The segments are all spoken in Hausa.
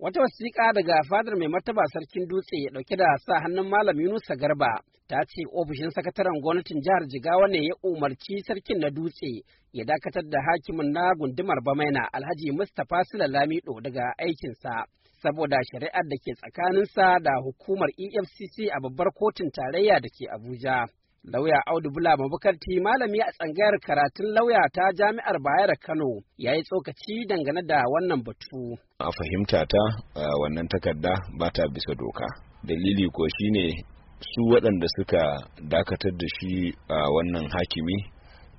Wata wasiƙa daga fadar mai martaba sarkin dutse ya ɗauke da sa hannun Malam Yunus Garba ta ce ofishin sakataren gwamnatin jihar Jigawa ne ya umarci sarkin na dutse ya dakatar da hakimin na gundumar Bamaina Alhaji Mustapha Sula Lamido daga aikinsa saboda shari'ar da ke tsakaninsa da hukumar EFCC a babbar kotun tarayya da ke Abuja. Lauya Audu Bula Mabukarti malami a tsangayar karatun lauya ta Jami'ar Bayero Kano ya yi tsokaci dangane da wannan batu. A fahimta ta wannan takarda ba ta bisa doka. Dalili ko shi ne su waɗanda suka dakatar da shi a wannan hakimi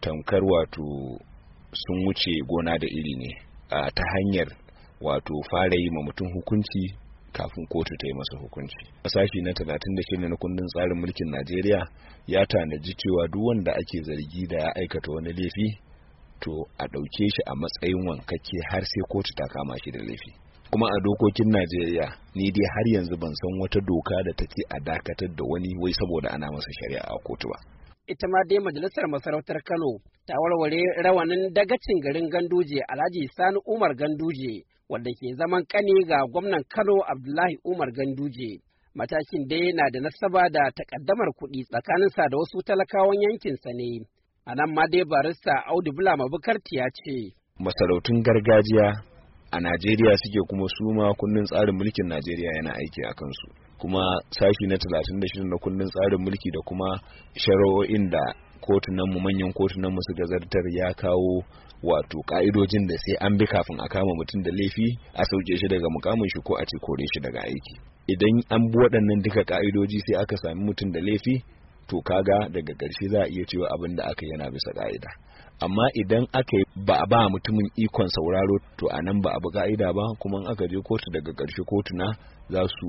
tamkar wato sun wuce gona da iri ne ta hanyar wato fara yi ma mutum hukunci kafin kotu ta yi masa hukunci sashi na 36 na kundin tsarin mulkin najeriya ya tanaji cewa duk wanda ake zargi da ya aikata wani laifi to a ɗauke shi a matsayin wankakke har sai kotu ta kama shi da laifi kuma a dokokin najeriya ni dai har yanzu ban san wata doka da ta ce a dakatar da wani wai saboda ana masa shari'a a kotu ba ita ma dai majalisar masarautar Kano ta warware rawanin dagacin garin Ganduje Alhaji Sani Umar Ganduje wanda ke zaman kani ga gwamnan Kano Abdullahi Umar Ganduje. Matakin dai na da nasaba da takaddamar kuɗi tsakaninsa da wasu talakawan yankinsa ne. A nan ma dai barista Audu Bula Mabukarti ya ce. Masarautun gargajiya a Najeriya suke kuma suma kundin tsarin mulkin Najeriya yana aiki a kansu. kuma sashi na 36 na kundin tsarin mulki da kuma shari'o'in da kotunanmu manyan kotunan kotunanmu su zartar ya kawo wato ka'idojin da sai an bi kafin a kama mutum da laifi a sauke shi daga mukamin shi ko a ce kore shi daga aiki idan an bi waɗannan duka ka'idoji sai aka sami mutum da laifi to kaga daga ƙarshe za a iya cewa abin da aka yana bisa ka'ida amma idan aka yi ba a ba mutumin ikon sauraro to a nan ba a bi ka'ida ba kuma aka je kotu daga ƙarshe kotuna za su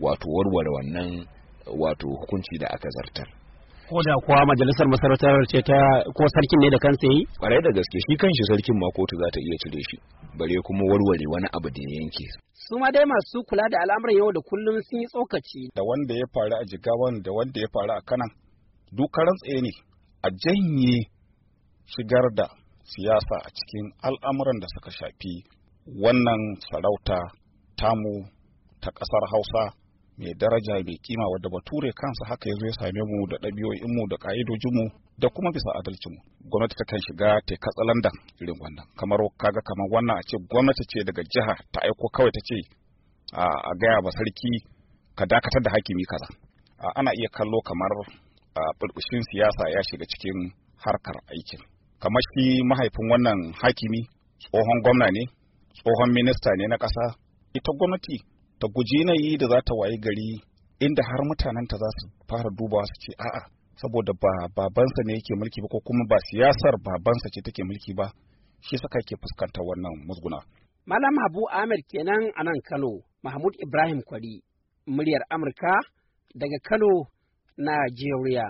wato warware wannan wato hukunci da aka zartar ko da kuwa majalisar masarautar ce ta ko sarkin ne da kansa yi kwarai da gaske shi kanshi sarkin ma kotu za ta iya cire shi bare kuma warware wani abu da ya yanke su ma dai masu kula da al'amuran yau da kullum sun yi tsokaci da wanda ya faru a jigawan da wanda ya faru a kanan dukaran tsaye ne a janye shigar da siyasa a cikin al'amuran da suka shafi wannan sarauta tamu ta ƙasar hausa mai daraja mai kima wadda bature kansa haka ya zo ya same mu da ɗabi'o'inmu da ƙa'idojinmu da kuma bisa adalcinmu gwamnati ta kan shiga ta katsalandan irin wannan kamar kaga kamar wannan a ce gwamnati ce daga jiha ta aiko kawai ta ce a gaya ba sarki ka dakatar da hakimi kaza ana iya kallo kamar burbushin siyasa ya shiga cikin harkar aikin kamar shi mahaifin wannan hakimi tsohon gwamna ne tsohon minista ne na ƙasa ita gwamnati ta guji na yi da za ta wayi gari inda har mutanenta za su fara dubawa su ce a'a saboda ba babansa ne yake mulki ba ko kuma ba siyasar babansa ce take mulki ba shi saka yake fuskantar wannan musguna malam habu ahmed kenan a nan kano mahmud ibrahim kwari muryar amurka daga kano najeriya